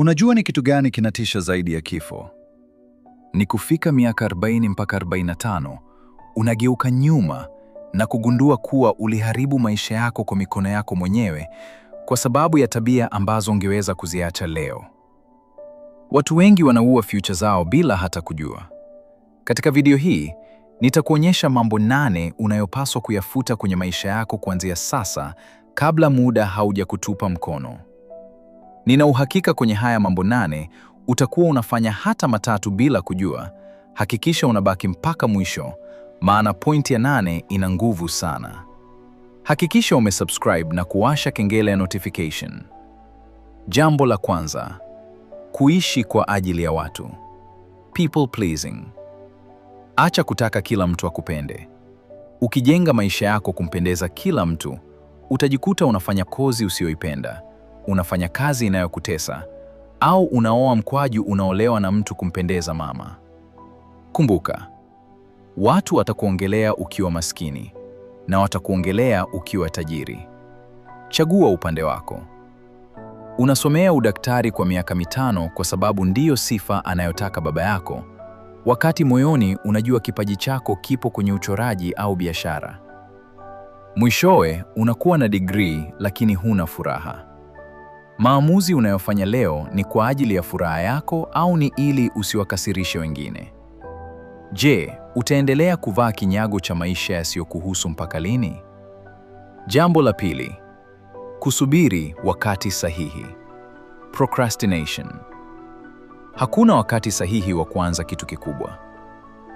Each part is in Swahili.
Unajua ni kitu gani kinatisha zaidi ya kifo? Ni kufika miaka 40 mpaka 45, unageuka nyuma na kugundua kuwa uliharibu maisha yako kwa mikono yako mwenyewe kwa sababu ya tabia ambazo ungeweza kuziacha leo. Watu wengi wanaua future zao bila hata kujua. Katika video hii nitakuonyesha mambo nane unayopaswa kuyafuta kwenye maisha yako kuanzia sasa kabla muda haujakutupa mkono. Nina uhakika kwenye haya mambo nane utakuwa unafanya hata matatu bila kujua. Hakikisha unabaki mpaka mwisho, maana pointi ya nane ina nguvu sana. Hakikisha umesubscribe na kuwasha kengele ya notification. Jambo la kwanza, kuishi kwa ajili ya watu, people pleasing. Acha kutaka kila mtu akupende. Ukijenga maisha yako kumpendeza kila mtu, utajikuta unafanya kozi usiyoipenda unafanya kazi inayokutesa au unaoa mkwaju unaolewa na mtu kumpendeza mama. Kumbuka, watu watakuongelea ukiwa maskini na watakuongelea ukiwa tajiri. Chagua upande wako. Unasomea udaktari kwa miaka mitano kwa sababu ndiyo sifa anayotaka baba yako, wakati moyoni unajua kipaji chako kipo kwenye uchoraji au biashara. Mwishowe unakuwa na digrii lakini huna furaha. Maamuzi unayofanya leo ni kwa ajili ya furaha yako au ni ili usiwakasirishe wengine? Je, utaendelea kuvaa kinyago cha maisha yasiyokuhusu mpaka lini? Jambo la pili, kusubiri wakati sahihi. Procrastination. Hakuna wakati sahihi wa kuanza kitu kikubwa.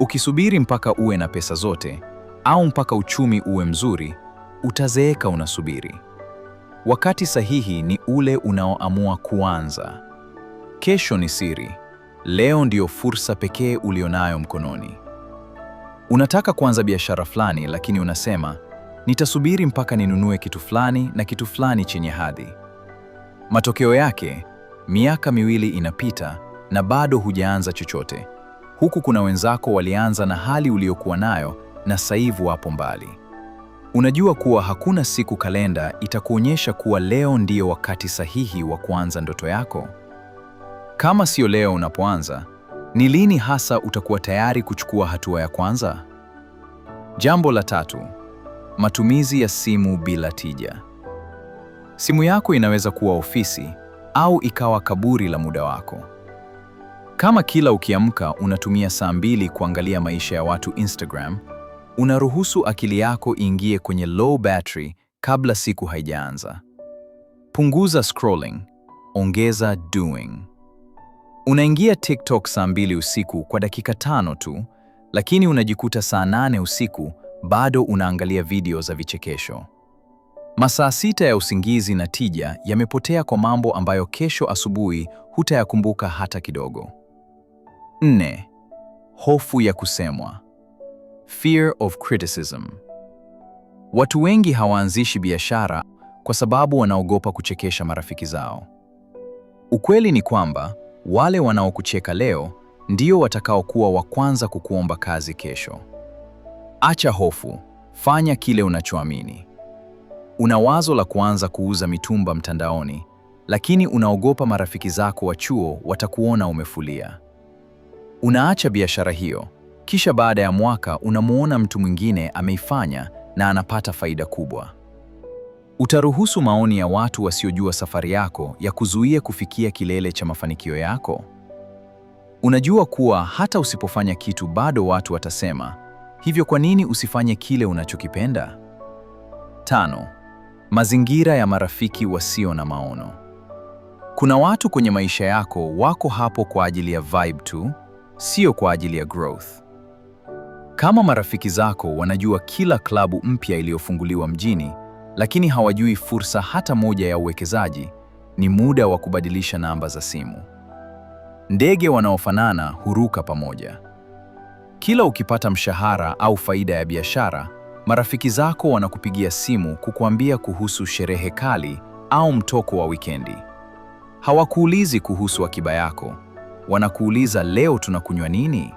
Ukisubiri mpaka uwe na pesa zote au mpaka uchumi uwe mzuri, utazeeka unasubiri. Wakati sahihi ni ule unaoamua kuanza. Kesho ni siri, leo ndio fursa pekee ulionayo mkononi. Unataka kuanza biashara fulani, lakini unasema nitasubiri mpaka ninunue kitu fulani na kitu fulani chenye hadhi. Matokeo yake, miaka miwili inapita na bado hujaanza chochote, huku kuna wenzako walianza na hali uliyokuwa nayo na saivu wapo mbali. Unajua kuwa hakuna siku kalenda itakuonyesha kuwa leo ndiyo wakati sahihi wa kuanza ndoto yako. Kama sio leo unapoanza, ni lini hasa utakuwa tayari kuchukua hatua ya kwanza? Jambo la tatu, matumizi ya simu bila tija. Simu yako inaweza kuwa ofisi au ikawa kaburi la muda wako. Kama kila ukiamka unatumia saa mbili kuangalia maisha ya watu Instagram unaruhusu akili yako ingie kwenye low battery kabla siku haijaanza. Punguza scrolling, ongeza doing. Unaingia TikTok saa mbili usiku kwa dakika tano tu, lakini unajikuta saa nane usiku bado unaangalia video za vichekesho. Masaa sita ya usingizi na tija yamepotea kwa mambo ambayo kesho asubuhi hutayakumbuka hata kidogo. Nne, hofu ya kusemwa. Fear of criticism. Watu wengi hawaanzishi biashara kwa sababu wanaogopa kuchekesha marafiki zao. Ukweli ni kwamba wale wanaokucheka leo ndio watakaokuwa wa kwanza kukuomba kazi kesho. Acha hofu, fanya kile unachoamini. Una wazo la kuanza kuuza mitumba mtandaoni, lakini unaogopa marafiki zako wa chuo watakuona umefulia. Unaacha biashara hiyo kisha baada ya mwaka unamuona mtu mwingine ameifanya na anapata faida kubwa. Utaruhusu maoni ya watu wasiojua safari yako ya kuzuia kufikia kilele cha mafanikio yako? Unajua kuwa hata usipofanya kitu bado watu watasema, hivyo kwa nini usifanye kile unachokipenda? Tano, mazingira ya marafiki wasio na maono. Kuna watu kwenye maisha yako wako hapo kwa ajili ya vibe tu, sio kwa ajili ya growth. Kama marafiki zako wanajua kila klabu mpya iliyofunguliwa mjini, lakini hawajui fursa hata moja ya uwekezaji, ni muda wa kubadilisha namba za simu. Ndege wanaofanana huruka pamoja. Kila ukipata mshahara au faida ya biashara, marafiki zako wanakupigia simu kukuambia kuhusu sherehe kali au mtoko wa wikendi. Hawakuulizi kuhusu akiba yako, wanakuuliza leo tunakunywa nini?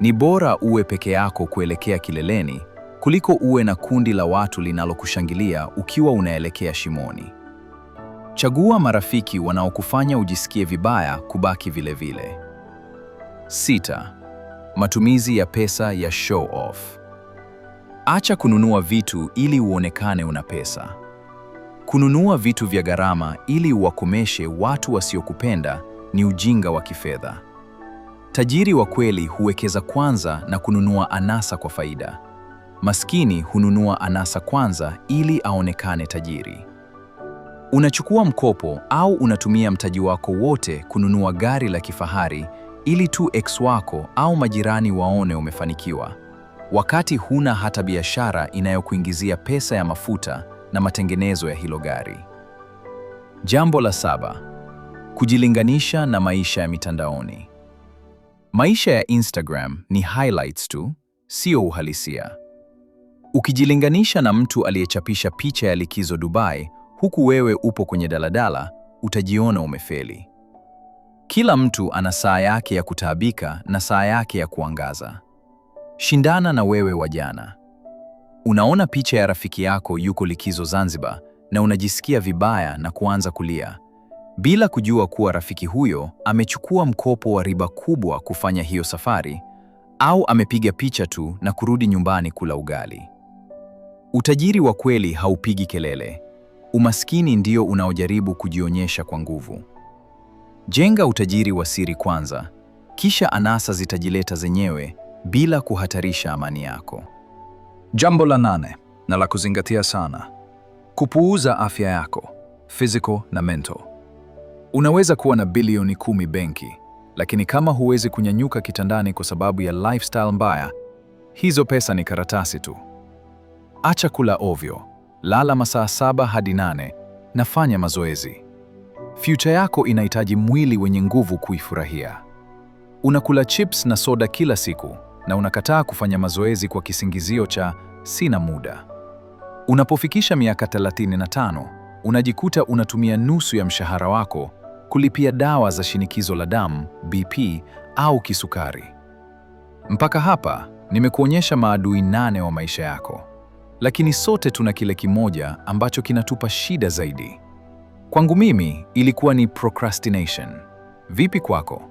Ni bora uwe peke yako kuelekea kileleni kuliko uwe na kundi la watu linalokushangilia ukiwa unaelekea shimoni. Chagua marafiki wanaokufanya ujisikie vibaya kubaki vile vile. Sita, matumizi ya pesa ya show off. Acha kununua vitu ili uonekane una pesa. Kununua vitu vya gharama ili uwakomeshe watu wasiokupenda ni ujinga wa kifedha. Tajiri wa kweli huwekeza kwanza na kununua anasa kwa faida. Maskini hununua anasa kwanza ili aonekane tajiri. Unachukua mkopo au unatumia mtaji wako wote kununua gari la kifahari ili tu ex wako au majirani waone umefanikiwa, wakati huna hata biashara inayokuingizia pesa ya mafuta na matengenezo ya hilo gari. Jambo la saba: kujilinganisha na maisha ya mitandaoni. Maisha ya Instagram ni highlights tu, sio uhalisia. Ukijilinganisha na mtu aliyechapisha picha ya likizo Dubai, huku wewe upo kwenye daladala, utajiona umefeli. Kila mtu ana saa yake ya kutaabika na saa yake ya kuangaza. Shindana na wewe wa jana. Unaona picha ya rafiki yako yuko likizo Zanzibar na unajisikia vibaya na kuanza kulia bila kujua kuwa rafiki huyo amechukua mkopo wa riba kubwa kufanya hiyo safari, au amepiga picha tu na kurudi nyumbani kula ugali. Utajiri wa kweli haupigi kelele. Umaskini ndio unaojaribu kujionyesha kwa nguvu. Jenga utajiri wa siri kwanza, kisha anasa zitajileta zenyewe bila kuhatarisha amani yako. Jambo la nane na la kuzingatia sana: kupuuza afya yako physical na mental. Unaweza kuwa na bilioni kumi benki, lakini kama huwezi kunyanyuka kitandani kwa sababu ya lifestyle mbaya, hizo pesa ni karatasi tu. Acha kula ovyo, lala masaa saba hadi nane na fanya mazoezi. Future yako inahitaji mwili wenye nguvu kuifurahia. Unakula chips na soda kila siku na unakataa kufanya mazoezi kwa kisingizio cha sina muda. Unapofikisha miaka 35, unajikuta unatumia nusu ya mshahara wako kulipia dawa za shinikizo la damu BP au kisukari. Mpaka hapa nimekuonyesha maadui nane wa maisha yako, lakini sote tuna kile kimoja ambacho kinatupa shida zaidi. Kwangu mimi ilikuwa ni procrastination. Vipi kwako?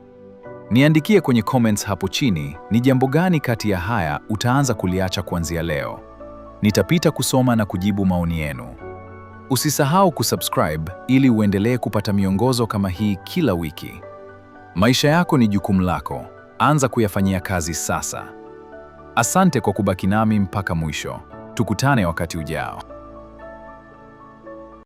Niandikie kwenye comments hapo chini ni jambo gani kati ya haya utaanza kuliacha kuanzia leo. Nitapita kusoma na kujibu maoni yenu. Usisahau kusubscribe ili uendelee kupata miongozo kama hii kila wiki. Maisha yako ni jukumu lako, anza kuyafanyia kazi sasa. Asante kwa kubaki nami mpaka mwisho. Tukutane wakati ujao.